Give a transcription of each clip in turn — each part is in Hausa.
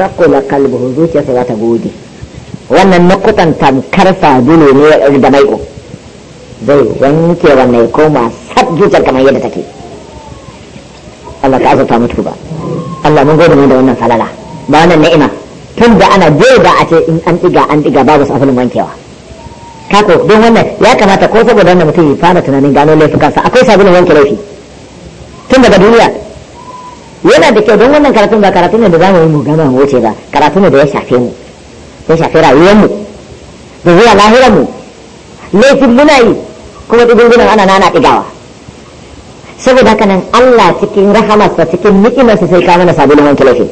sakula kalbuhu zuciyarsa za ta gode wannan nukutan tamkar sabulu ne da maiƙo zai wanke wannan koma sab kamar yadda take Allah ka azurta mutu ba Allah mun gode da wannan falala ba wannan ni'ima tun da ana ba a ce in an ɗiga an ɗiga babu sabulun wankewa kako don wannan ya kamata ko saboda wannan mutum ya fara tunanin gano laifukansa akwai sabulun wanke laifi tun daga duniya yana da kyau don wannan karatun ba karatu ne da za mu yi mu gama mu wuce ba karatu ne da ya shafe mu ya shafe rayuwar mu da zuwa lahirar mu laifin muna yi kuma tsugungunan ana nana ɗigawa saboda haka nan Allah cikin rahamarsa cikin ni'imarsa sai ka mana sabulun wanke laifin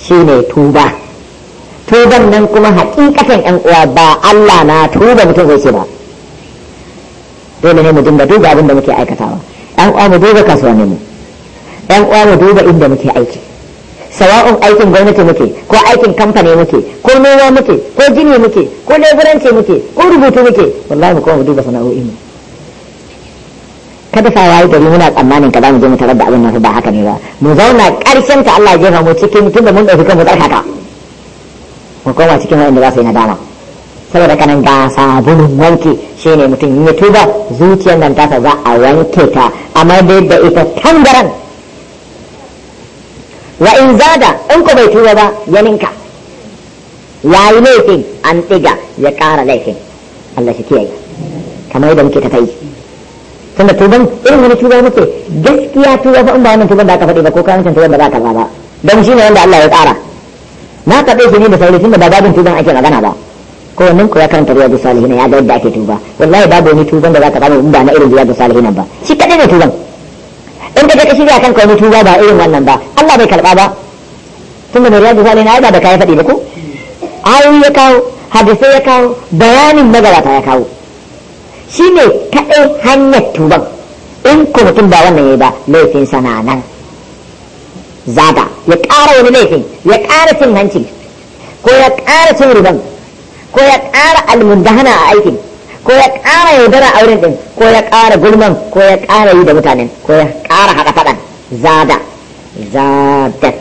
shine tuba tuban nan kuma hakikatan yan uwa ba Allah na tuba mutum zai ce ba dole ne mu dinga duba abin da muke aikatawa yan uwa mu duba kasuwannin mu yan uwa mu duba inda muke aiki sawa'un aikin gwamnati muke ko aikin kamfani muke ko noma muke ko jini muke ko leburanci muke ko rubutu muke wallahi mu kuma mu duba sana'o'i mu kada fa yi gari muna tsammanin ka zamu je mu tarar da abin nan ba haka ne ba mu zauna karshen ta Allah ya jefa mu cikin tunda mun mu kanmu tsarkaka mu koma cikin wanda za su yi nadama saboda kanan ga sabulun wanke ne mutum ya tuba zuciyar nan tasa za a wanke ta amma da ita tangaran wa in zada in ku bai tuba ba ya ninka ya yi laifin an ɗiga ya ƙara laifin Allah shi kiyaye kamar yadda muke ta kai tunda tuban irin wani tuba muke gaskiya tuba fa in ba wannan tuban da aka faɗi ba ko ka wancan tuban ba za ka ba don shi ne wanda Allah ya ƙara na faɗe shi ne da sauri tunda ba babin tuban ake magana ba ko wannan ku ya karanta riyadu salihin ya ga yadda ake tuba wallahi babu wani tuban da za ka samu in ba na irin riyadu salihin ba shi kaɗai ne tuban in ka ka shirya kan kwanu tuba ba irin wannan ba Allah bai karba ba tun da riyadu sale na ba da kai faɗi ba ko ayoyi ya kawo hadisai ya kawo bayanin magabata ya kawo Shi ne kaɗai hanyar tuban in ku mutum ba wannan ya ba laifin sana nan zaga ya ƙara wani laifin ya ƙara cin hanci ko ya ƙara cin riban ko ya ƙara almundahana a aikin ko ya ƙara yaudara a wurin ɗin ko ya ƙara gulman ko ya ƙara yi da mutanen ko ya ƙara haɗa faɗan zada zadat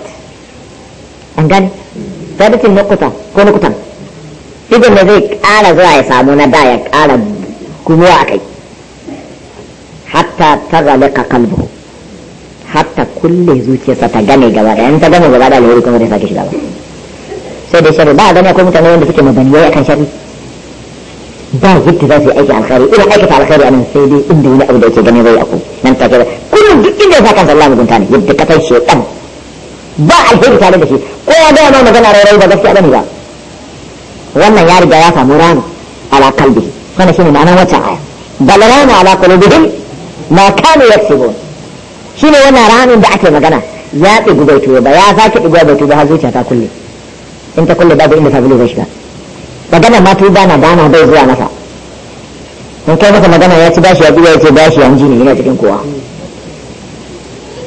an gani zadatin nukutan ko nukutan idan da zai ƙara zuwa ya samu na da ya ƙara gumuwa a kai hatta ta ka kalbu hatta kulle zuciyarsa ta gane gaba da yanta ta gaba da alheri kuma da sake shiga ba sai da shari ba a gane ko mutane wanda suke mabaniyai kan shari'a ba yadda za su yi aiki alkhairi ina aikata alkhairi a nan sai dai inda wani abu da yake ganin zai aku nan ta ba kullum duk inda ya sa kansa Allah mugunta ne yadda ka kai shekan ba alheri tare da shi ko ya ga ma magana rairai ba gaskiya bane ba wannan ya riga ya samu rani ala kalbi wannan shine ma'anar wancan aya bal rana ala qulubihim ma kanu yaksubun shine wannan ranin da ake magana ya ɗigu bai tuba ya sake ɗigu bai ba har zuciya ta kulle in ta kulle babu inda sabulu zai shiga magana ma tuba na gana bai zuwa masa in kai maka magana ya ci bashi ya biya ya ce bashi ya jini yana cikin kowa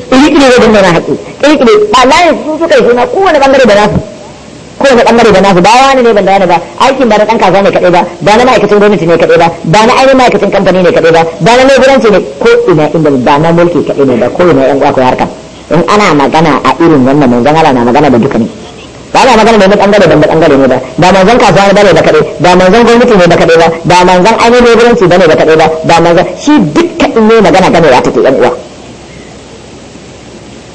kirkire da dinga na haƙi kirkire ba layin sun suka yi suna kowane bangare da nasu kowane bangare da nasu ba wani ne ban da wani ba aikin ba na ɗan kasuwa ne kaɗai ba ba na ma'aikacin gwamnati ne kaɗai ba ba na ainihin ma'aikacin kamfani ne kaɗai ba ba na leburanci ne ko ina inda ba na mulki kaɗai ne ba ko ina yan uwa harka in ana magana a irin wannan manzon Allah na magana da duka ne ba na magana ne na bangare ban bangare ne ba da manzon kasuwa ba ne da kaɗai da manzon gwamnati ne da kaɗai ba da manzon ainihin leburanci bane ne da kaɗai ba da manzon shi dukka in ne magana gane ya take yan uwa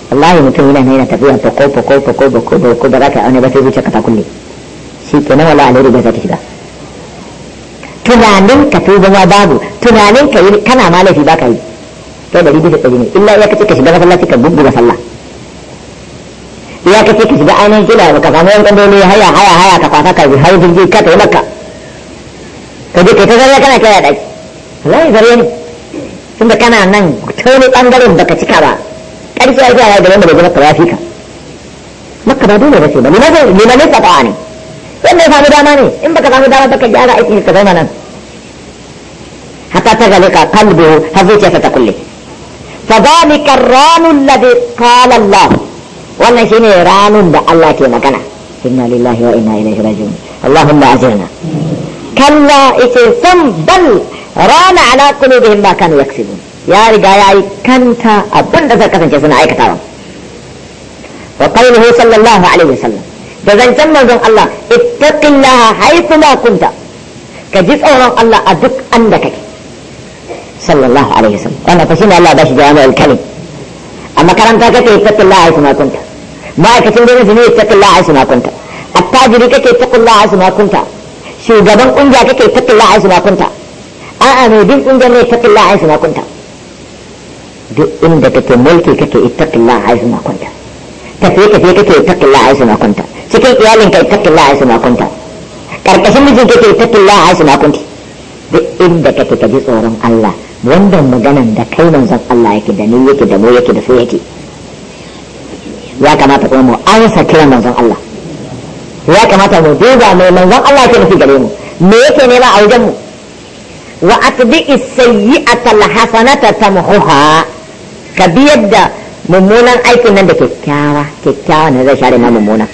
wallahi mutum yana yana tafiya kofa kofa kofa kofa ko ba za ka aune ba sai zuciya ka ta kulle shi kenan wala alheri ba za ta shiga tunanin ka fi zama babu tunanin ka yi kana ma laifi ba ka yi to da ribi da tsari ne illa ya kace ka shiga masallaci ka gugguga sallah ya kace ka shiga ainihin kila ba ka samu yan kandoni haya haya haya ka kwasa ka bi har jirgi ka tafi makka ka je kai ta zariya kana kira daki wallahi zariya ne tunda kana nan ta wani bangaren baka cika ba ƙarfi ya gyara da wanda bai makka ba fi ka makka ba dole ba ce ba liman ne fata ne wanda ya samu dama ne in baka samu dama baka gyara aiki ka zama nan hatta ta gale ka kalbi har zuciyarsa ta kulle فذلك الران الذي قال الله wannan shine ranun da Allah ke magana inna lillahi wa inna ilaihi raji'un allahumma ajirna kalla ite san bal rana ala qulubihim ma kanu yaksibun ya riga yayi kanta abinda zai kasance suna aikatawa wa qawluhu sallallahu alaihi wasallam da zancen manzon Allah ittaqillaha haythu ma kunta ka ji tsoron Allah a duk anda kake sallallahu alaihi wasallam wannan fa shine Allah ya bashi jami'ul kalim a makaranta kake ittaqillaha haythu ma kunta ma'aikacin gwamnati ne takulla a suna kunta attajiri kake takulla a suna kunta shugaban kungiya kake takulla a suna kunta a'a ne duk kungiyar ne takulla a suna kunta duk inda kake mulki kake ittakulla a suna kunta tafiye tafiye kake ittakulla a suna kunta cikin iyalinka ittakulla a suna kunta karkashin mijin kake ittakulla a suna kunta duk inda kake ka ji tsoron Allah wannan maganan da kai manzon Allah yake da ni yake da mu yake da su yake ya kamata kuma mu ansa kiran manzon Allah ya kamata mu duba mai manzon Allah ke nufi gare mu me yake nema a wajen mu wa atbi as-sayyi'ata al-hasanata tamhuha ka biyar da mummunan aikin nan da kyakkyawa kyakkyawa ne zai share na mummuna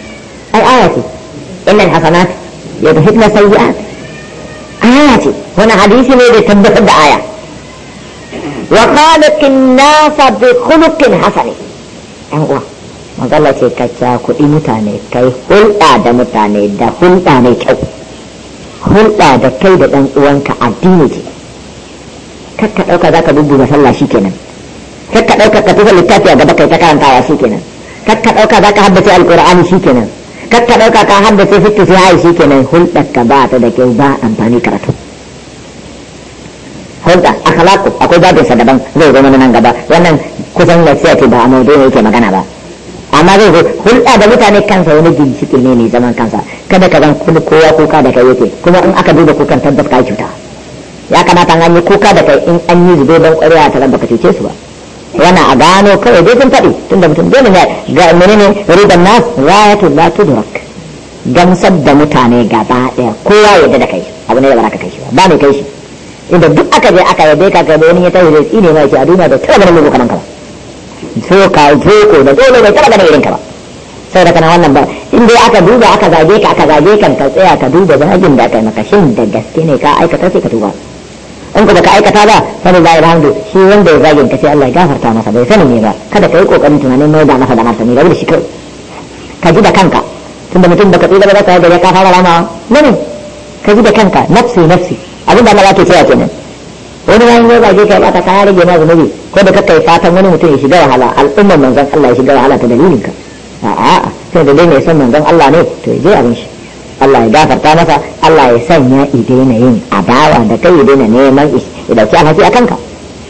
ai aya ce innal hasanat yadhhibna sayyi'at aya ce wannan hadisi ne da tabbatar da aya wa الناس بخلق حسن khuluqin hasani magana ce ka kuɗi mutane kai hulɗa da mutane da hulɗa mai kyau hulɗa da kai da ɗan uwanka addini ce kakka ɗauka za ka dubbuga sallah shi kenan kakka ɗauka ka tafi littafi a gaba kai ta karantawa shi kenan kakka ɗauka za ka haddace alƙur'ani shi kenan kakka ɗauka ka haddace fitta sai hayi shi kenan hulɗa ka ba ta da kyau ba amfani karatu hulɗa akhlaqu akwai babinsa daban zai zama nan gaba wannan kusan lafiya ce ba a maudu ne yake magana ba amma zai zai hulɗa da mutane kansa wani ginshiƙi ne mai zaman kansa kada ka zan kuma kowa kuka da kai yake kuma in aka duba kukan tabbas ka cuta ya kamata an yi kuka da kai in an yi zube don ƙwarewa ta ka cece su ba wannan a gano kawai dai sun faɗi tun da mutum dole ne ga ne riban nas rayatu la tudrak gamsar da mutane gaba ɗaya kowa yadda da kai abu ne da ba ka kai shi ba ba mai kai shi inda duk aka je aka yadda ka kai wani ya tafi da tsine mai ce a duniya da tara ganin lokacin kanka so ka da dole bai taba ganin irin ka ba sai da kana wannan ba in dai aka duba aka zage ka aka zage kan ka tsaya ka duba zagin da kai maka shin da gaske ne ka aikata sai ka duba in ka baka aikata ba sani ba ya hamdu shi wanda ya zagin ka sai Allah ya gafarta masa bai sanin ne ba kada ka yi kokarin tunanin mai da masa da martani rabu da shi kai ka ji da kanka tunda mutum baka tsira ba za ka yi ya kafa fara rama ne ka ji da kanka nafsi nafsi abin da Allah ke cewa kenan wani ma zo zage ka bata ka rage ma zunubi ko da kakai fatan wani mutum ya shiga wahala al'ummar manzon Allah ya shiga wahala ta dalilin ka a'a sai da dai mai son manzon Allah ne to je abin shi Allah ya gafarta masa Allah ya sanya idena yin adawa da kai idena neman ya dauki alhaki akan ka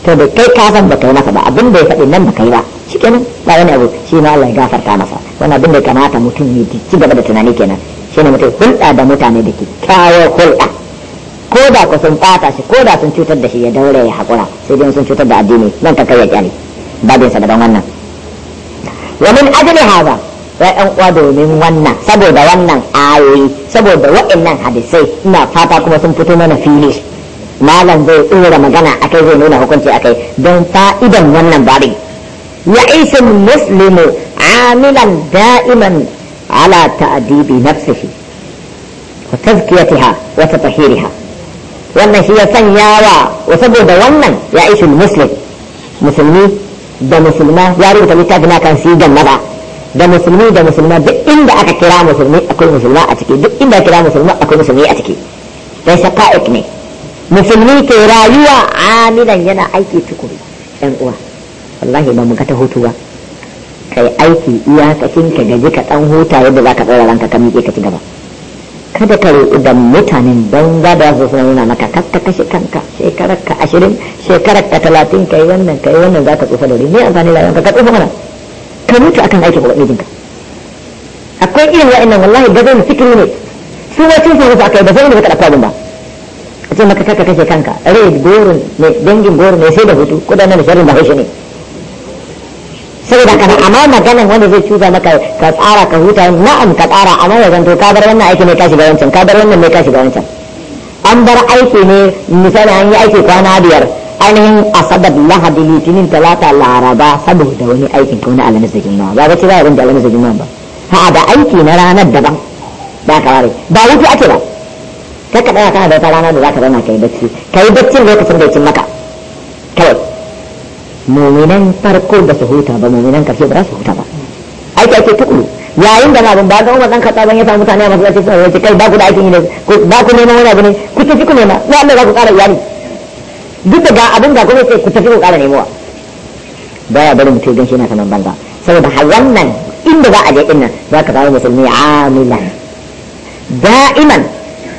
to da kai ka san baka yi masa ba abin da ya faɗi nan baka yi ba shikenan ba wani abu shi ma Allah ya gafarta masa wannan abin da kamata mutum ya ci gaba da tunani kenan shine mutum hulɗa da mutane da kyakkyawar hulɗa ko da ku sun ɓata shi ko da sun cutar da shi ya daure ya haƙura sai dai sun cutar da addini nan ka kai ya kyale babinsa daban wannan wa min ajli hadha ya uwa domin wannan saboda wannan ayoyi saboda waɗannan hadisai ina fata kuma sun fito mana fili malam zai tsira magana akai zai nuna hukunci akai don fa'idan wannan babin amilan da'iman ala دائما nafsihi wa tazkiyatiha wa tatahiriha wannan shi ya sanya wa saboda wannan ya ishi muslim musulmi da musulma ya rubuta littafi na kan sigan maza da musulmi da musulma duk inda aka kira musulmi akwai musulma a ciki duk inda aka kira musulma akwai musulmi a ciki dan shaqa'iq ne musulmi ke rayuwa amilan yana aiki tukuri yan uwa wallahi ba mu ga ta hutu ba kai aiki iyakacin ka gaji ka dan huta yadda zaka tsara ranka ka miƙe ka ci gaba kada ka ruɗu da mutanen banza da su suna nuna maka kasta kashe kanka shekarar ka ashirin shekarar ka talatin ka yi wannan ka yi wannan za ka tsufa da ne amfani da ka tsufa mana ka mutu akan aikin ubangijinka akwai irin wa'annan wallahi gazon fikiri ne su ma sun samu su akai ba sai ne baka ɗauka abin ba a ce maka kakka kashe kanka rai goro ne dangin goro ne sai da hutu kudanar da sharrin ba haushe ne kaza amma maganan wanda zai cuza maka ka tsara ka huta na'am ka tsara amma ya zanto ka bar wannan aiki ne ka shiga wancan ka bar wannan ne ka shiga wancan an bar aiki ne misali an yi aiki kwana biyar ainihin asabar lahadi litinin talata laraba saboda wani aikin ko na alamis da jimma ba ba ce ba irin da alamis da juma'a ba ha da aiki na ranar daban ba ka ware ba wuce ake ba kai ka tsaya kana da ta rana da za ka zauna ka yi bacci ka yi baccin lokacin da ya cin maka kawai muminan farko da su huta ba muminan karshe ba za su huta ba aiki ake tukuru yayin da abin ba ga umar dan katsa ban ya samu mutane a masu zafi suna wace kai ba ku da aikin yi ne ba ku neman wani abu ne ku tafi ku nema na Allah za ku ƙara iyali duk da ga abin ga gwamnati ku tafi ku ƙara nemowa ba ya bari mutum don shi na saman banza saboda har wannan inda za a je din nan za ka samu musulmi amilan da'iman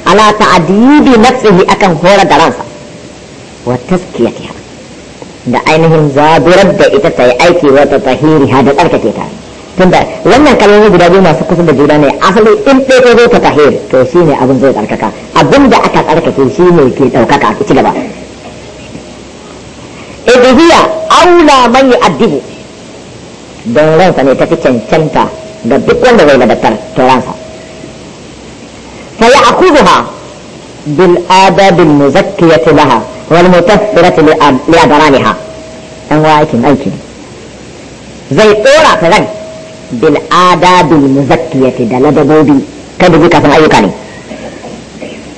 ala ta'adibi nafsihi akan horar da ransa wa taskiyatiha da ainihin zaburar da ita ta yi aiki wata tahiri ha da tsarkake ta tunda wannan kalmomi guda biyu masu kusa da juna ne asali in ɗaya zai ta tahiri to shi ne abin zai tsarkaka abin da aka tsarkake shi ne ke ɗaukaka a ci gaba idhiya aula man yu'addibu don ransa ne ta fi cancanta ga duk wanda zai ladatar to ransa fa ya'khudha bil adabil muzakkiyati laha والمكفرة لأضرارها أن وايكم أيكم زي طورة فلن بالآداب المزكية دلدبوبي كده بك سمع أيوكاني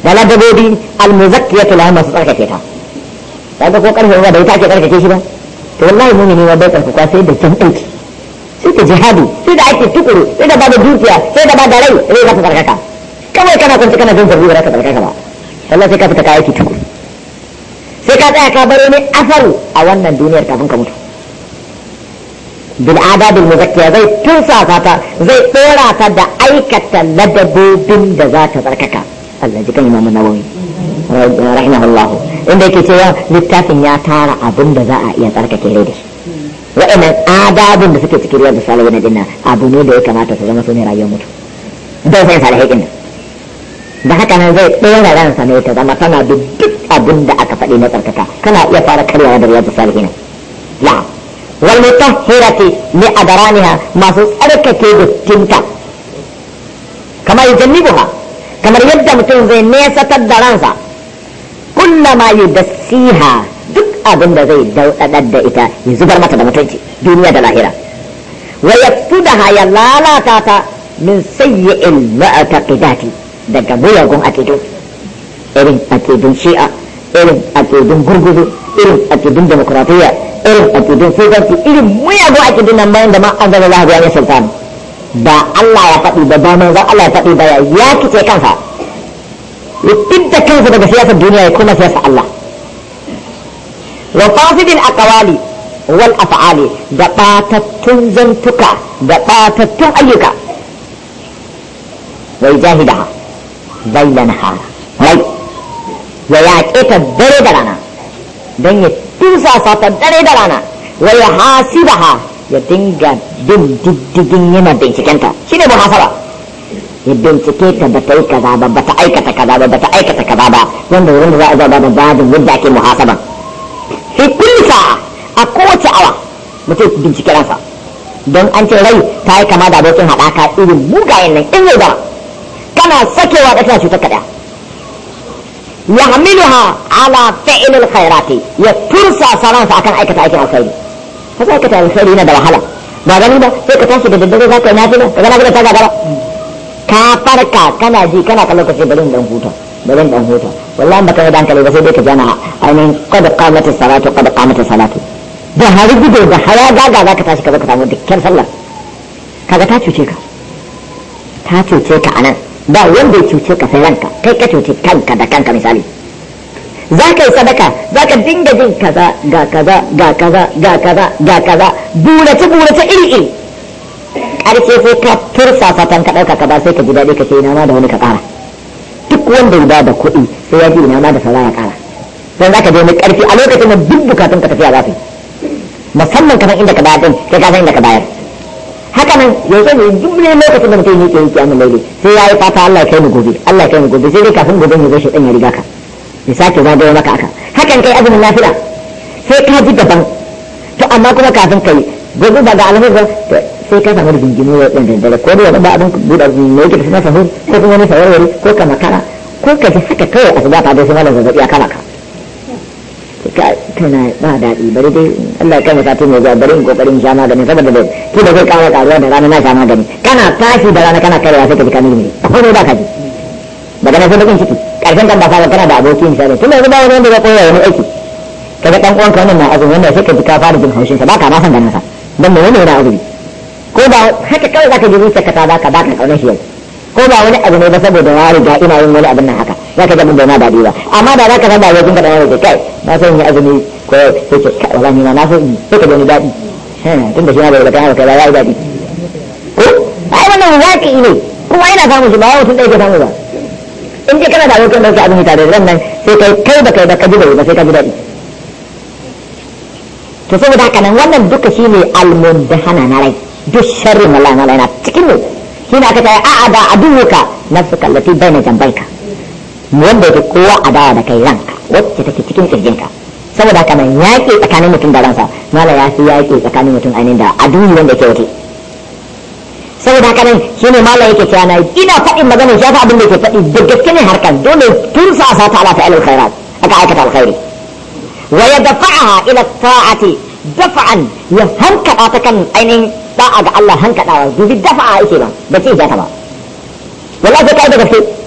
دلدبوبي المزكية لهم سطرك كيتا kaga ko karfe ba da ita ake karkace shi ba to wallahi mumini ma bai karkuka sai da can aiki sai da jihadi sai da ake tukuru sai da bada dukiya sai da bada rai rai za ta karkaka kawai kana kwanci kana jin zargi ba za ka karkaka ba wallahi sai ka ka aiki tukuru sai ka tsaya ka baro ne asaru a wannan duniyar kafin ka mutu bil adabul muzakkiya zai tunsa ta zai dora ta da aikata ladabobin da za ta tsarkaka Allah ji kan imamu nawawi rahimahullah inda yake cewa littafin ya tara abin da za a iya tsarkake rai da shi wa'annan adabin da suke cikin riyar da salawai na dinna abu ne da ya kamata su zama su ne rayuwar mutu don sai salihai dinnan da haka nan zai ɗora ransa ne ta zama tana duk abin da aka faɗi na tsarkaka kana iya fara karyawa da hira salihin la wal mutahhirati li adraniha masu tsarkake dukkinta kamar yujannibuha kamar yadda mutum zai nesatar da ransa kullama yudassiha duk abin da zai daudadar da ita ya zubar mata da mutunci duniya da lahira wa da ya lalata ta min sayyi'il ma'taqidati daga buyagun akidu irin akidun shi'a irin akidun gurgudu irin akidun demokuraɗiyya irin akidun sojanci irin muyagun akidun nan bayan da ma an zama lahabi ya sultan ba Allah ya faɗi ba ba manzon Allah ya faɗi ba ya kice kansa ya fidda kansa daga siyasar duniya ya kuma siyasar Allah wa fasidin aqwali wal af'ali da batattun zantuka da batattun ayyuka wai jahidaha bainanha rai ya yaƙe ta dare da rana don ya tusa ta dare da rana wa ya hasi da ha ya dinga bin diddigin yana bincikenta shi ne muhasaba ya bincike ta ba ta yi kaza ba ba ta aikata kaza ba ba ta aikata kaza ba wanda wurin da za a zaba da babin yadda ake muhasaba fi kulisa a kowace awa mutum bincike ransa don an ce rai ta yi kama da abokin haɗaka irin mugayen nan in zai zama kana sakewa da cutar kaɗa ya'miluha ala fa'il alkhairati ya tursa saran sa akan aikata aikin alkhairi kaza aikata alkhairi yana da wahala ba gani ba sai ka tashi da daddare za ka yi nafila ka gana ta gagara ka farka kana ji kana kallon kace bari dan huta bari dan huta wallahi baka yi dankali ba sai dai ka jana ainihin qad qamat as-salatu qad qamat as-salatu da hari gudu da haya gaga za ka tashi ka kaga ta cuce ka ta cuce ka anan ba wanda ya cuce ka sai ranka kai ka cuce kanka da kanka misali za ka yi sadaka za ka dinga jin kaza ga kaza ga kaza ga kaza ga kaza burace burace iri iri ƙarshe sai ka tursa satan ka dauka ka ba sai ka ji daɗi ka ce ina ma da wani ka kara duk wanda ya da kuɗi sai ya ji ina ma da sauran ya kara don za ka je mai ƙarfi a lokacin da duk bukatun ka tafiya za su yi musamman kamar inda ka bayar din sai ka san inda ka bayar haka nan yanzu ne duk ne lokacin da mutum yake yake amma laili sai ya yi fata Allah kai mu gobe Allah kai mu gobe sai dai kafin gobe ne zai dan ya riga ka ya sake zagaye maka aka hakan kai azumin lafiya sai ka ji daban to amma kuma kafin kai gobe ba ga alhaji ba sai ka samu rigingimu ya ɗan daddare ko da ba abin buɗa ne yake da suna sahur ko kuma ne sawarwari ko ka makara ko ka ji haka kai a su ba ta da sai malam zazzabi a kala ka ka tana ba daɗi bari dai Allah ya kama sati mai zuwa bari in kokarin sha magani saboda da ki da kai kawo karuwa da rana na sha magani kana tashi da rana kana karewa sai ka ji ka mini ko ne ba ka ji daga nan sai bakin ciki karshen kan ba fara kana da abokin sa ne tunda yanzu ba wani wanda ya koya wani aiki kaga dan uwanka wannan na azumi wanda sai ka ji ka fara jin haushin sa baka ma san ganin sa dan me wani yana azumi ko ba haka kawai zaka ji zuciyarka ta baka baka kaunar shi yau ko ba wani abu ne ba saboda ya ga ina yin wani abin nan haka za ka ga mun bai ma daɗi ba amma da za ka san da wajen kaɗan yau da kai na san yi azumi ko sai ce kai wala na na san in sai ka gani daɗi hmm, tun da shi na bai kai haka ba ya yi daɗi ko ai wannan waƙi ne kuma yana samun shi ba wai tun ɗauke ke samu ba in je kana da abokin ɗauki azumi tare da nan sai kai kai da kai da ka ji ba sai ka ji daɗi to saboda haka nan wannan duka shi ne da hana na rai duk sharri mala mala na cikin ne shine aka ce a'a da aduwuka bai na baina jambaika wanda yake kowa a baya da kai ranka wacce take cikin kirjinka saboda haka nan yaƙi tsakanin mutum da ransa mala ya fi yaƙi tsakanin mutum ainihin da aduyi wanda ke wuce saboda haka nan shi ne mala yake cewa na ina faɗin shi ya abin da ke faɗi da gaske ne harkar dole tun sa sa ta ala fa'ilul khairat aka aikata alkhairi wa ya dafa'a ila ta'ati dafa'an ya hankada ta kan ainihin da'a ga Allah hankadawa dubi dafa'a yake ba ba ce ta ba wallahi ka da gaske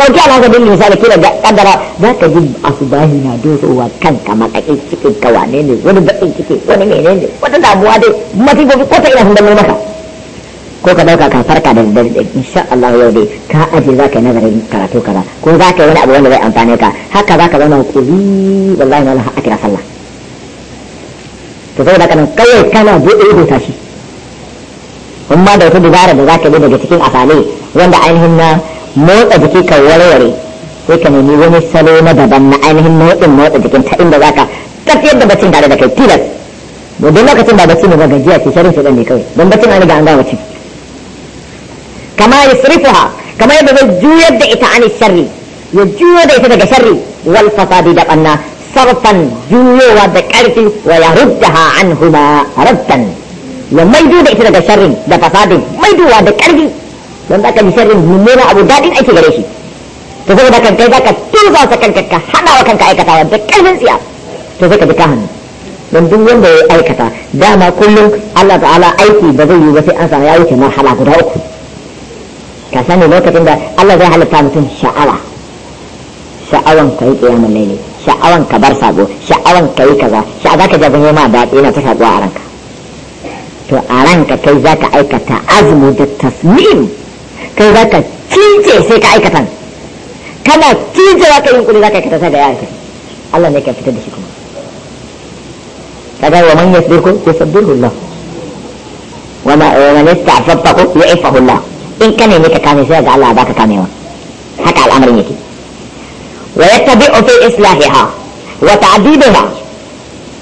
ɗauki alaka bin misali kila da kaddara za ka ji asubahi na dosowa kanka makaƙin cikin ka wane ne wani baƙin ciki wani mene ne wata damuwa dai masifofi ko ta ina sun damo maka ko ka ɗauka ka farka da daddare da insha Allah yau dai ka aje za ka yi nazarin karatu kaza ko za ka yi wani abu wanda zai amfane ka haka za ka zama kuli wallahi na Allah akira sallah to saboda kana kawai kana buɗe ido tashi in da wata dubara da za ka bi daga cikin asali wanda ainihin na motsa jiki ka warware sai ka nemi wani salo na daban na ainihin motsin motsa jikin ta inda zaka tafiyar da baccin tare da kai tilas don lokacin ba bacci ne ba gajiya ce sharin shaɗan ne kawai don baccin an ga an gawa ci kama ya sirifuha kama yadda zai juyar da ita an sharri ya juyo da ita daga sharri wal fasadi da ɓanna sarfan juyowa da ƙarfi wa ya rudda ha an huma raddan ya maido da ita daga sharrin da fasadin maidowa da ƙarfi wanda aka ka ji mummuna abu daɗin aiki gare shi to saboda kan kai zaka ka sa kan kanka ka hana wa kanka aikatawa da ƙarfin tsiya to sai ka bi ta hannu don duk wanda ya aikata dama kullum Allah ta'ala aiki ba zai yi ba sai an sa ya wuce marhala guda uku ka sani lokacin da Allah zai halitta mutum sha'awa sha'awan ka yi kiyama laili sha'awan ka bar sabo sha'awan ka yi kaza sha'awa ka jagon ma daɗi yana ta shaƙuwa a ranka to a ranka kai za ka aikata azumi da tasmin kai za ka cince sai ka aikatan kana cince za ka yi kudi za ka aikata sai da ya aikata Allah ne ka fitar da shi kuma kaga wa man yasbirku yasbiru Allah wa ma wa man yasta'fafaku yu'iffahu Allah in kana ne ka kame sai ga Allah baka kamewa haka al'amarin yake wa yattabi'u fi islahiha wa ta'dibiha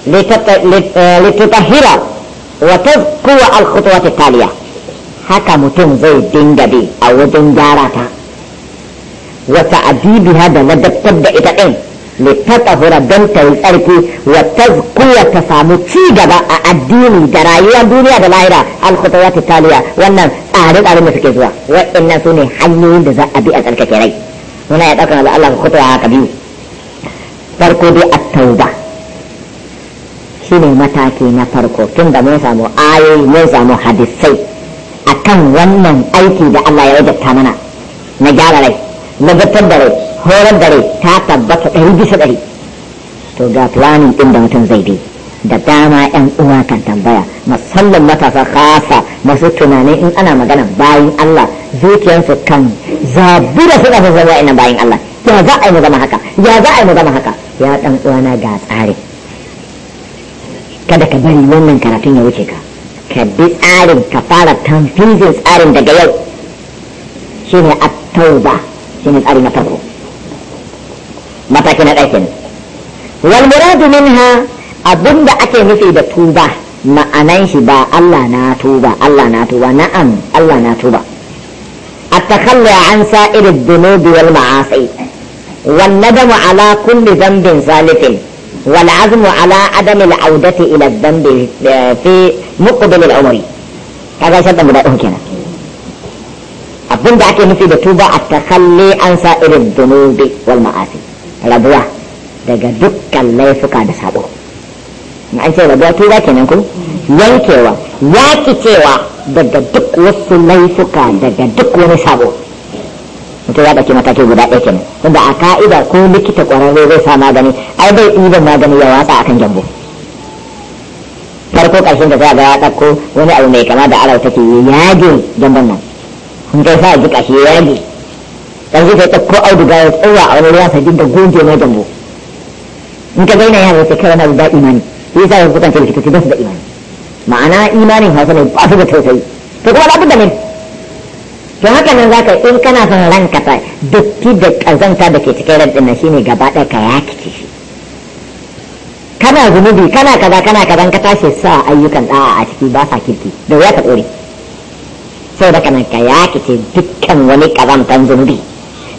لتطهر وتذكر الخطوات التاليه haka mutum zai dinga bi a wajen gyara ta wata adibiha da ladabtar da ita ɗin littattafura don ta yi tsarki wata kuwa ta samu ci gaba a addini da rayuwar duniya da lahira alkhutawat taliya wannan tsarin tsarin da suke zuwa wa'annan su ne hanyoyin da za a bi a tsarkake rai muna ya ɗaukar da Allah khutawa haka biyu farko dai a tauba shine mataki na farko tun da mun samu ayoyi mun samu hadisai a kan wannan aiki da Allah ya wajabta mana na gyara rai na zartar da rai horar da rai ta tabbata ɗari bisa ɗari to ga planning ɗin da mutum zai dai da dama yan uwa kan tambaya musamman matasa kasa masu tunanin in ana magana bayan Allah zuciyarsu kan zabura da son zama ina bayan Allah ya za a yi mu zama haka ya za a yi mu zama haka ya ɗan uwana ga tsari kada ka bari wannan karatun ya wuce ka ka bi tsarin ka fara tanfizin tsarin daga yau shi ne a tauba shi ne tsari na farko mataki na ɗaya kenan wal muradu minha abinda ake nufi da tuba ma'anan shi ba Allah na tuba Allah na tuba na'am Allah na tuba التخلي عن سائر الذنوب والمعاصي والندم على كل ذنب salifin. والعزم على عدم العودة إلى الذنب في مقبل العمر هذا شرط guda uku kenan abin da ake nufi da tuba a takalli an sa irin dunubi wal ma'asi rabuwa daga dukkan laifuka da sabo an ce rabuwa tuba kenan ku yankewa yaki cewa daga duk wasu laifuka daga duk wani sabo mutum ya ɗauki mataki guda ɗaya kenan wanda a ka'ida ko likita ƙwararre zai sa magani ai bai ɗiban magani ya watsa akan jambo. farko ƙarshen da za ga ya ɗauko wani abu mai kama da arau take yage jambon nan in kai sa ji ƙashi yage ɗan zai kai ɗauko auduga ya tsawa a wani ruwa sai dinga goge mai jambo in ka zaina yana sai kai wani abu ba imani shi yasa wasu kukan ce likitoci ba su da imani ma'ana imanin hausa ne ba su da tausayi to kuma ba da ne to haka nan zaka in kana son ranka ta dukki da kazanta da ke cikin ran dinna shine gaba ɗaya ka yakice shi kana zunubi kana kaza kana kaza ka tashi sa ayyukan da'a a ciki ba sa kirki da wuya ka dore sai da kana ka yakice dukkan wani kazantan zunubi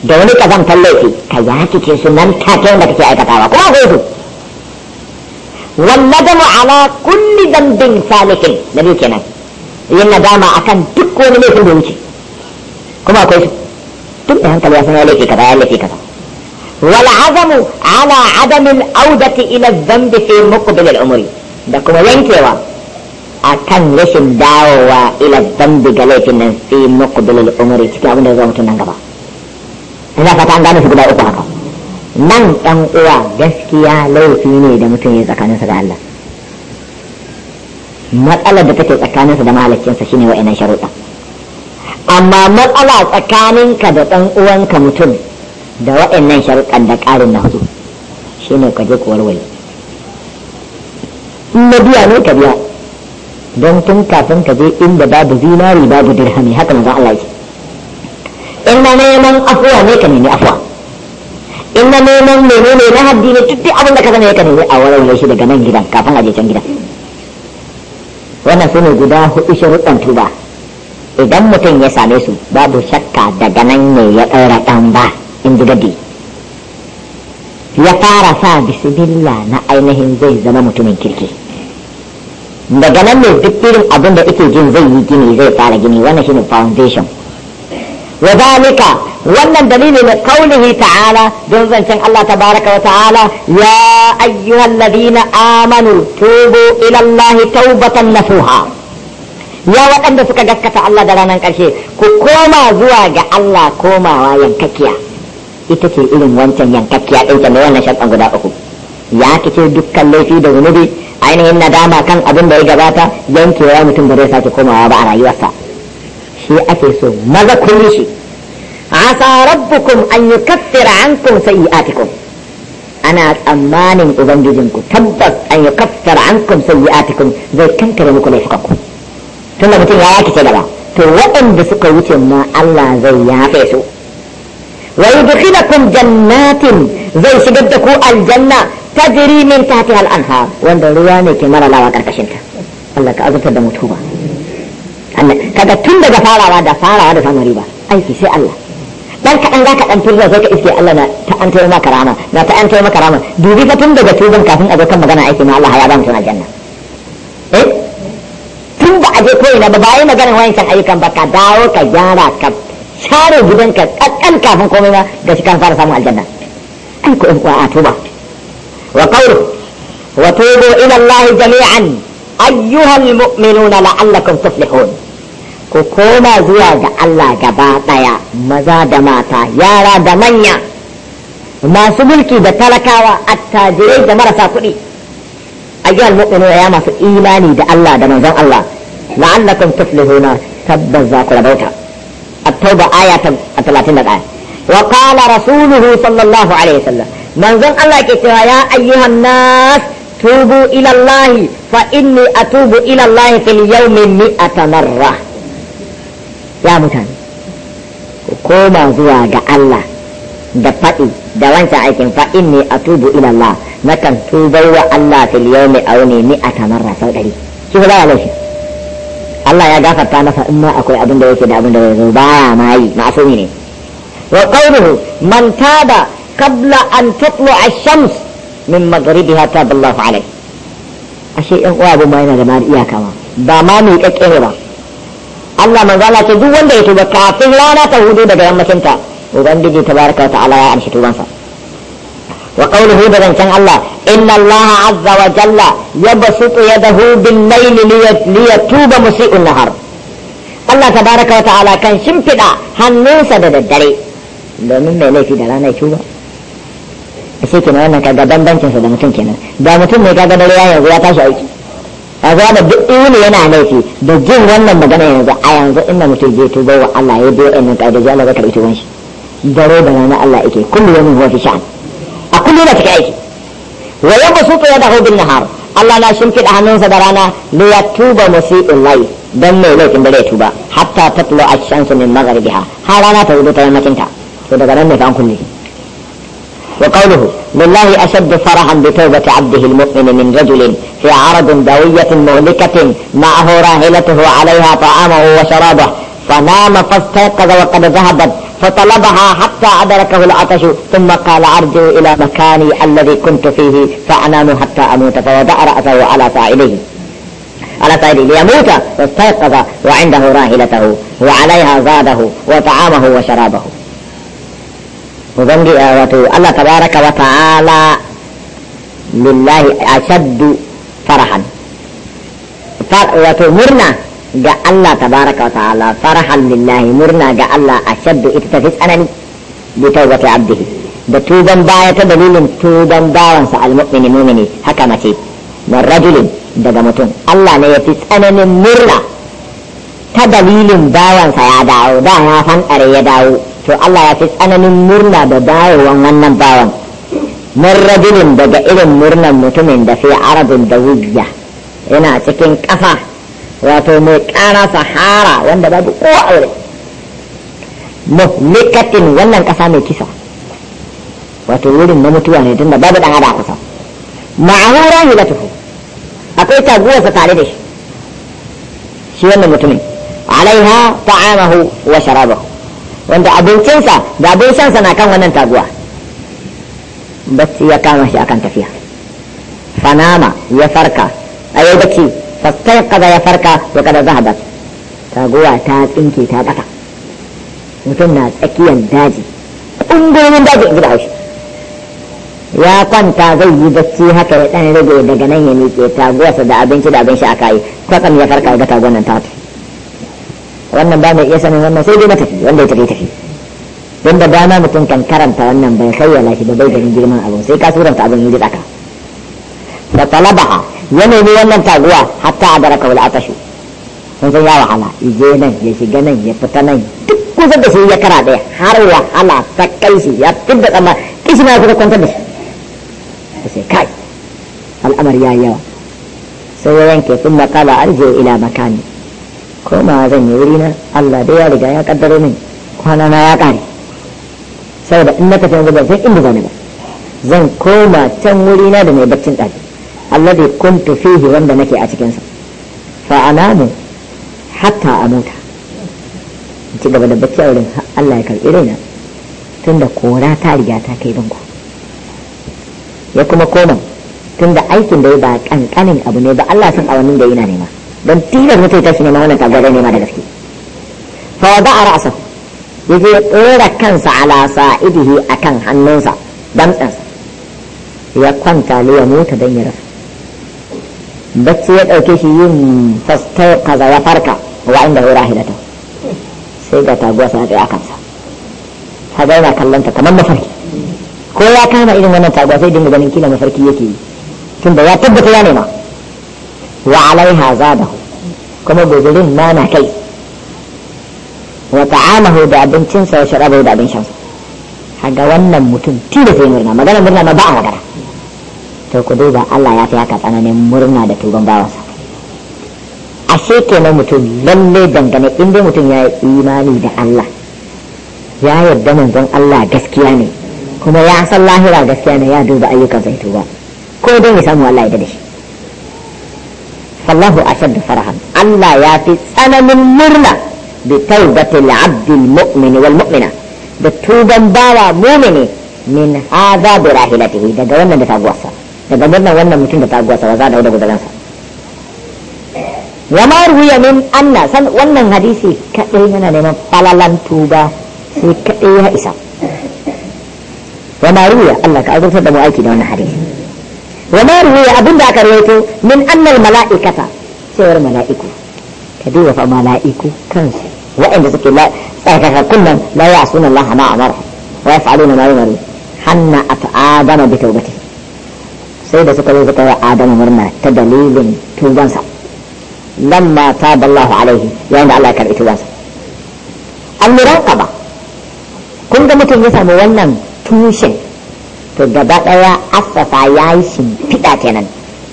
da wani kazantan laifi ka yakice su nan take da kake aikatawa ko akwai su walladamu ala kulli dambin salihin da kenan yin nadama akan duk wani laifin da wuce kuma akwai su duk da hankali ya san ya laifi kaza ya laifi kaza wal azamu ala adamin audati ila dhanbi fi muqbil al umri da kuma yankewa akan rashin dawowa ila dhanbi ga laifin nan fi muqbil al umri cikin abin da zai mutum nan gaba ina fata an gane su guda uku haka nan dan uwa gaskiya laifi ne da mutum ya sa da Allah matsalar da take tsakaninsa da mahaliccinsa shine wa'annan sharuɗa amma matsala tsakaninka da ɗan uwanka mutum da waɗannan sharuɗan da ƙarin na hudu shi ne ka je ku warware in na biya ne ka biya don tun kafin ka je inda babu zinari babu dirhami haka na za Allah ce in na neman afuwa ne ka nemi afuwa in na neman menene na haddi ne duk abin da ka zama ya ka nemi a warware shi daga nan gidan kafin a je can gidan wannan su ne guda hudu sharuɗan tuba idan mutum ya same su babu shakka daga nan ne ya ɗaura dan ba in ji gadi ya fara sa bisimilla na ainihin zai zama mutumin kirki daga nan ne duk irin abin da ake jin zai yi gini zai fara gini wannan shine foundation wa wannan dalili ne kaulihi ta'ala don zancen Allah tabaraka wa ta'ala ya ayyuhal ladina amanu tubu ilallahi taubatan tawbatan nasuha ya waɗanda suka gaskata Allah da ranar ƙarshe ku koma zuwa ga Allah komawa yankakkiya ita ce irin wancan yankakkiya ɗin da wannan sharɗan guda uku ya kice dukkan laifi da zunubi ainihin nadama kan abin da ya gabata yankewa mutum ba zai sake komawa ba a rayuwarsa shi ake so maza kun shi asa rabbukum an yukaffira ankum sayi'atikum ana tsammanin ubangijinku tabbas an yukaffira ankum sayi'atikum zai kankare muku laifukanku tunda mutum ya yaki ce gaba to waɗanda suka wuce ma Allah zai yafe su wa kun jannatin zai shigar da ku aljanna tajri min tahtiha al-anhar wanda ruwa ne ke maralawa karkashin ta Allah ka azurta da mutuba Allah kaga tun daga farawa da farawa da samun riba aiki sai Allah dan kaɗan za ka ɗan turza sai ka iske Allah na ta'antar maka rama na ta'antar maka rama dubi ka tun daga tuban kafin a zo kan magana aiki ma Allah ya ba mutum aljanna eh je ko ina ba ba yi maganar wayancan ayyukan ba ka dawo ka gyara ka share gidanka kakkan kafin komai ma da shi kan fara samun aljanna ko in a tuba wa qawlu wa tubu ila Allah jami'an ayyuhal mu'minuna la'allakum tuflihun ku koma zuwa ga Allah gaba daya maza da mata yara da manya masu mulki da talakawa attajirai da marasa kuɗi ayyuhal mu'minuna ya masu imani da Allah da manzon Allah la'allakum tuflihuna tabbas za ku rabauta a tauba aya 31 wa qala rasuluhu sallallahu alaihi wasallam manzon Allah ke cewa ya ayyuhan nas tubu ila Allah fa inni atubu ila Allah fil yawmi mi'ata marra ya mutane ku koma zuwa ga Allah da faɗi da wancan aikin fa inni atubu ila Allah nakan tubar wa Allah fil yawmi awni mi'ata marra sau Allah ya gafarta masa in ma akwai abin da yake da abin da bai zo baya ma yi ma'asumi ne wa qawluhu man taba qabla an tatlu ash-shams min maghribiha taba Allah alayhi ashe in uwa abin ma yana da mari iyaka ma ba ma mai kakke ne ba Allah manzo Allah ce duk wanda ya tuba kafin rana ta hudu daga yammacin ta ubangiji tabaraka wa ta'ala ya amshi tubansa وقوله بدن كان الله إن الله عز وجل يبسط يده بالليل ليتوب مسيء النهار الله تبارك وتعالى كان شمفدا هنوسا ددري domin mai laifi da rana ya ba a shi kenan wannan kaga bambancinsa da mutum kenan da mutum ne kaga dare ya yanzu ya tashi aiki a zuwa duk ne yana laifi da jin wannan magana yanzu a yanzu inda mutum zai tuba wa Allah ya biyo ɗan nan dare da rana Allah yake kullu yamin huwa fi دونك تعيش ويبسط يده بالنهار الله لا شمكل أهنون سدرانا ليتوب مسيء الليل دم ليك بلي توبا حتى تطلع الشمس من مغربها هارانا تودو تيمتنتا طيب ودغ لن نفعن كله وقوله لله أشد فرحا بتوبة عبده المؤمن من رجل في عرض دوية مهلكة معه راهلته عليها طعامه وشرابه فنام فاستيقظ وقد ذهبت فطلبها حتى أدركه العطش ثم قال أرجو إلى مكاني الذي كنت فيه فأنام حتى أموت فوضع رأسه على ساعده على ساعده ليموت واستيقظ وعنده راحلته وعليها زاده وطعامه وشرابه وزنجي الله تبارك وتعالى لله أشد فرحا wato ga Allah tabaraka wa ta'ala farhan lillahi murna ga Allah ashaddu ita tafi tsanani bi tawbati abdihi da tuban baya ta dalilin tuban bawansa almu'mini mu'mini haka mace min rajulin daga mutum Allah ne yafi tsananin murna ta dalilin bawansa ya dawo da ya san fankare ya dawo to Allah ya fi tsananin murna da dawowan wannan bawan min rajulin daga irin murnan mutumin da fiye arabin da wujiya yana cikin kafa wato mai ƙara sahara wanda babu ko aure muhlikatin wannan ƙasa mai kisa wato wurin na mutuwa ne tunda babu ɗan ada kusa ma'ahu rahilatuhu akwai taguwarsa tare da shi shi wannan mutumin alaiha ta'amahu wa sharabahu wanda abincinsa da abin sansa na kan wannan taguwa bacci ya kama shi akan tafiya fanama ya farka a yau bacci ya farka فاستيقظ يا فرقة وقد ذهبت تاغوا تاس انكي تابتا متنا تسكيا داجي انظر daji داجي اجد عوش ya kwanta zai yi bacci haka ya ɗan rage daga nan ya miƙe taguwarsa da abinci da abin sha aka yi kwatsam ya farka ga taguwar nan ta wannan ba mai iya sanin wannan sai dai matafi wanda ya tafi tafi don da dama mutum kan karanta wannan bai kayyala shi ba bai ganin girman abu. sai ka suranta abin yin jitsaka Da talabaha ya nemi wannan taguwa hatta a daraka wal atashu sun san ya wahala ije nan ya shiga nan ya fita nan duk kusa da shi ya kara daya har wahala ta kai shi ya fidda tsamma kishi na kusa kwantar da shi sai kai al'amar ya yawa sai ya yanke sun makala arje ila makani koma zan yi wuri na Allah da ya riga ya kaddaro min kwana na ya kare saboda in na tafi yanzu sai in inda zan ba zan koma can wuri na da mai baccin ɗaki alladhi kuntu fihi wanda nake a cikin sa fa anamu hatta amuta in ci gaba da bacci a wurin Allah ya karbi raina tunda kora ta riga ta kai bango ya kuma koma tunda aikin da ya ba kankanin abu ne ba Allah san awannin da yana nema don tilas mutum tashi nema wannan tagada nema da gaske fa wada'a ra'sahu yaje ya je tsora kansa ala sa'idihi akan hannunsa damtsansa ya kwanta ne mota mutu don ya rasu bacci ya ɗauke shi yin fasta kaza ya farka wa inda hura hidata sai ga taguwa sana tsaye a kansa kaga yana kallon ta kamar mafarki ko ya kama irin wannan taguwa sai dinga ganin kila mafarki yake yi tun da ya tabbata ya nema wa alaiha zadahu kuma guzurin ma na kai wa ta'amahu da abincinsa wa sharabahu da abin shansa haga wannan mutum tun da ya murna magana murna ma ba a magana to ku duba Allah ya fi haka tsananin murna da tuban bawansa ashe kenan mutum lalle dangane in dai mutum ya yi imani da Allah ya yarda manzon Allah gaskiya ne kuma ya san lahira gaskiya ne ya duba ayyukan sai tuba ko dai ya samu Allah ya da shi fallahu da farahan Allah ya fi tsananin murna bi taubatil abdi mu'min wal mu'mina da tuban bawa mu'mini min hadha bi daga wannan da taguwarsa daga wannan wannan mutum da ta taguwarsa wa za da da gudanar wa ma ruwiya min anna san wannan hadisi kadai yana neman falalan tuba sai kadai ya isa wa ma ruwiya Allah ka azurta da mu aiki da wannan hadisi wa ma ruwiya abinda aka rawaito min annal mala'ikata cewar mala'iku ka duba fa mala'iku kansu wa'anda suke la tsakaka kullum la ya'suna Allah ma amara wa yaf'aluna ma yumaru hanna at'adama bi tawbatihi sai da suka zo suka yi adamu murna ta dalilin tubansa lamma taba Allahu alaihi yayin da Allah ya karbi tubansa al ba kun ga mutum ya samu wannan tushen to gaba daya asafa yayi shimfiɗa kenan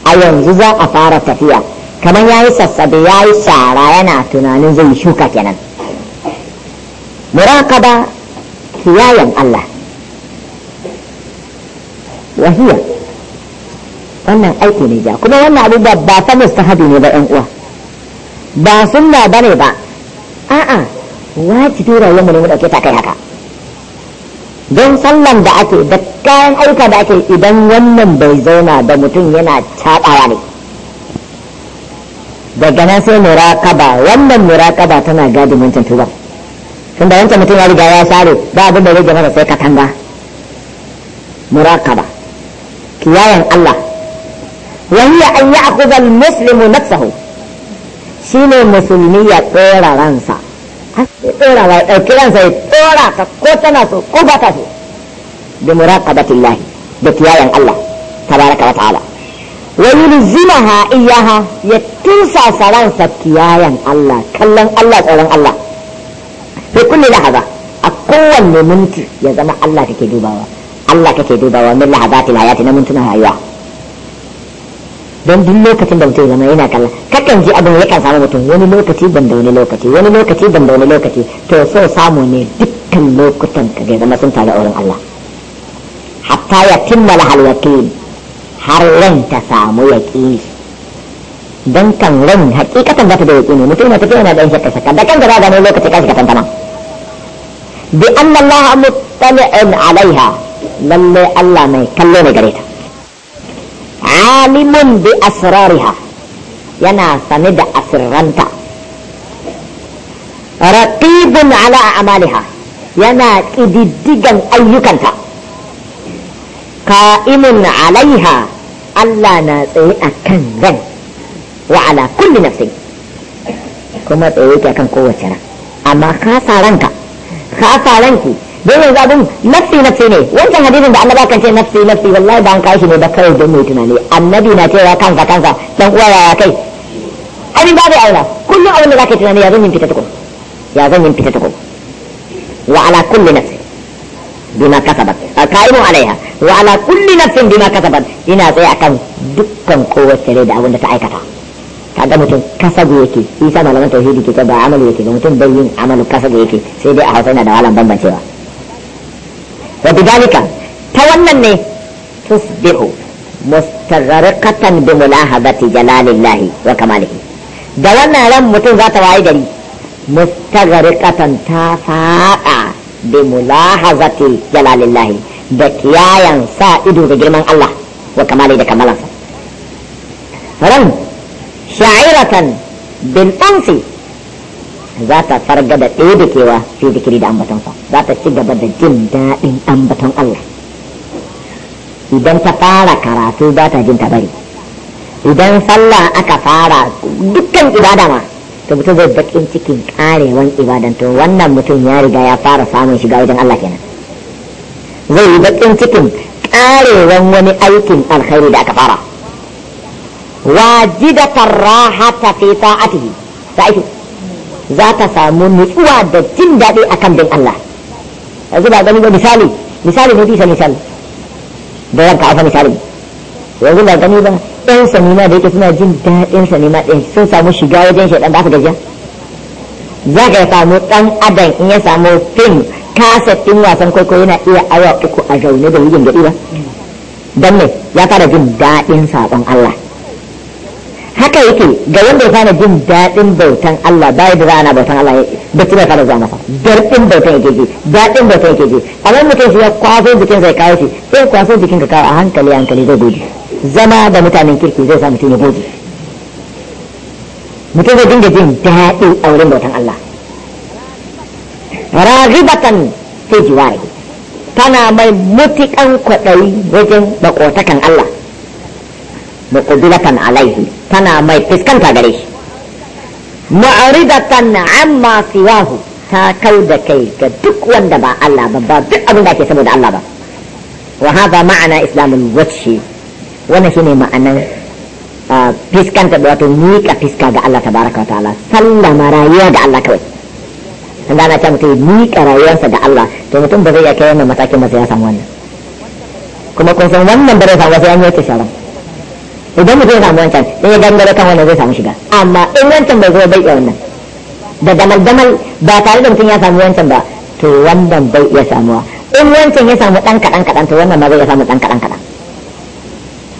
a yanzu za a fara tafiya kamar yayi sassabe yi shara yana tunanin zai shuka kenan muraqaba kiyayen Allah wahiya wannan aiki ne ja kuma wannan abin ba ba ta mustahabi ne ba yan uwa ba sunna bane ba a'a wajibi rayuwar mu ne mu dauke ta kai haka don sallan da ake da kayan aika da ake idan wannan bai zauna da mutum yana caɗawa ne daga nan sai kaba wannan kaba tana gadin wancan tuba tun da wancan mutum ya riga ya sare ba abin da rage mana sai katanga muraqaba kiyayen Allah وهي أن يأخذ المسلم نفسه شيني مسلمية طورة رانسا طورة رانسا طورة كوتناسو كوباتاسو بمراقبة الله بكيايا الله تبارك وتعالى ويلزمها إياها يتنسى سرانسا كيايا الله كلن الله تورن الله في كل لحظة أقوى من منتي يا زمان الله كتدوبا الله كتدوبا من لحظات الحياة نمنتنا هايوه don duk lokacin da mutum zama yana kalla kakan ji abin yakan samu mutum wani lokaci ban da wani lokaci wani lokaci ban da wani lokaci to so samu ne dukkan lokutan ka zama sun tare wurin Allah hatta ya timma lahal yaqin har ran ta samu yaqini dan kan ran hakikatan zata da yaqini mutum ya tafi yana dan shakka shakka da kan gaba gane lokaci kashi shiga tantana bi anna Allah muttali'un alaiha lalle Allah mai kallo ne gare ta alimun bi asrariha yana sane da asirranta raqibun ala amaliha yana ƙididdigan ayyukanta ka'imun alaiha Allah na tsaye a kan ran wa ala kulli nafsin kuma tsaye yake kan kowace ran amma ka sa ranka ka sa ranki domin zabin nafi nafi ne wancan hadisin da annaba kan ce nafi nafi wallahi ba an kai shi ne da kawai don mai tunani annabi na cewa kansa kansa dan uwa ya kai abin ba da aina kullum abin da zaka tunani ya zan yin fita tukun ya zan yin fita tukun wa ala kulli nafsi bima kasabat qaimun alaiha wa ala kulli nafsin bima kasabat ina tsaye akan dukkan kowace da abin da ta aikata kaga mutum da yake isa malaman tauhidi ke ba amalu yake ba mutum bai yin amalu da yake sai dai a hausa yana da walan bambancewa wa bidalika ta wannan ne tusbihu mustarraqatan bi mulahazati jalalillahi wa kamalihi da wannan ran mutum za ta waye gari mustagharikatan ta fada bi mulahazati jalalillahi da kiyayan sa ido ga girman Allah wa ran sha'iratan bil za ta farga da ɗaya da kewa fi zikiri da ambatonsa za ta ci gaba da jin daɗin ambaton Allah idan ta fara karatu ba ta jin ta bari idan sallah aka fara dukkan ibada ma to mutum zai bakin cikin karewan ibadan to wannan mutum ya riga ya fara samun shiga wajen Allah kenan zai yi bakin cikin karewan wani aikin alkhairi da aka fara wajidatar rahata fi sa'atihi sa'itu za ka samu nutsuwa da jin daɗi a kan bin Allah yanzu ba gani ba misali misali ne bisa misali da a afa misali yanzu ba gani ba ɗan samima da yake suna jin daɗin samima ɗin sun samu shiga wajen shaɗan ba su gajiya za ka samu ɗan adam in ya samu fim kaset ɗin wasan kwaikwayo yana iya awa uku a zaune da wujin gaɗi ba don ne ya fara jin daɗin saƙon Allah haka yake ga wanda ya fara jin daɗin bautan Allah bai da rana bautan Allah da tuna fara zuwa masa daɗin bautan yake ji daɗin bautan yake ji amma mutum shi ya kwaso jikin sai kawo shi sai kwaso jikin ka kawo a hankali hankali zai goge zama da mutanen kirki zai sa mutum ya goge mutum zai dinga jin daɗi a wurin bautan Allah ragibatan fi jiwarihi tana mai mutukan kwaɗayi wajen bakotakan Allah muqbilatan alaihi tana mai fuskanta gare shi ma'ridatan amma siwahu ta kau da kai ga duk wanda ba Allah ba ba duk abin da ake saboda Allah ba wa hadha ma'ana islamul wajhi wannan shine ma'anan fuskanta da wato miƙa fiska ga Allah tabaraka wa ta'ala sallama rayuwa da Allah kawai an gana ta mutum miƙa rayuwarsa ga Allah to mutum ba zai iya kai wannan matakin ba sai ya samu wannan kuma kun san wannan ba zai wasu sai an yi ta sharan idan mutum ya samu wancan sai ya dangare kan wannan zai samu shiga amma in wancan bai zo bai iya wannan da damal damal ba tare da mutum ya samu wancan ba to wannan bai iya samuwa in wancan ya samu dan kadan kadan to wannan ma zai iya samu dan kadan kadan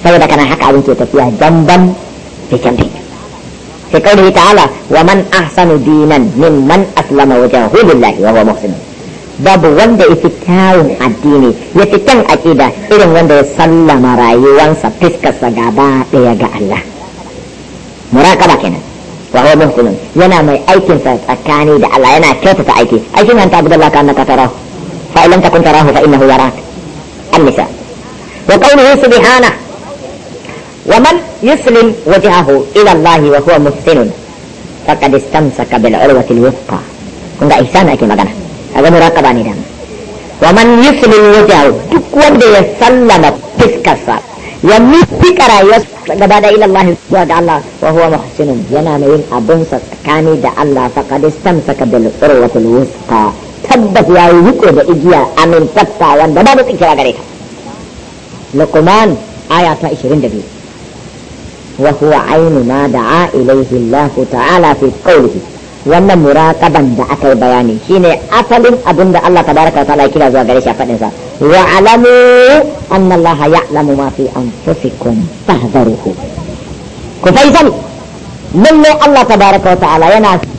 saboda kana haka abin ke tafiya jamban da dai sai kawai ta'ala wa man ahsanu dinan mimman aslama wajhahu lahi wa huwa muhsin babu wanda ya fi kyawun addini ya fi kyan aƙida irin wanda ya sallama rayuwansa fiskarsa gaba ɗaya ga Allah muraƙaba kenan wa huwa muhsinun yana mai aikin sa tsakani da Allah yana kyautata aiki aikin an tabu da Allah kana katara fa ta kun tarahu fa innahu yarak an-nisa wa qawluhu subhana wa man yuslim wajhahu ila Allah wa huwa muhsinun faqad istamsaka bil urwati al-wuthqa kun ga ihsan ake magana kaga muraqaba ne dan wa man yuslim wajahu duk wanda ya sallama fiskarsa ya miƙa rayuwar gaba da ilallahi wa da Allah wa huwa muhsinun yana mai yin abun sa tsakani da Allah fa qad istamsaka bil urwatil wusta tabbas ya yi riko da igiya amin fatta wanda babu tsikira gare ta luqman aya ta 22 وهو عين ما دعا إليه الله تعالى في قوله wannan muraqaban da aka yi bayani shine asalin abin da Allah tabaraka wa ta'ala ya kira zuwa gare shi a fadin sa wa alamu anna Allah ya'lamu ma fi anfusikum fahdharuhu ku zan sani ne Allah tabaraka wa ta'ala yana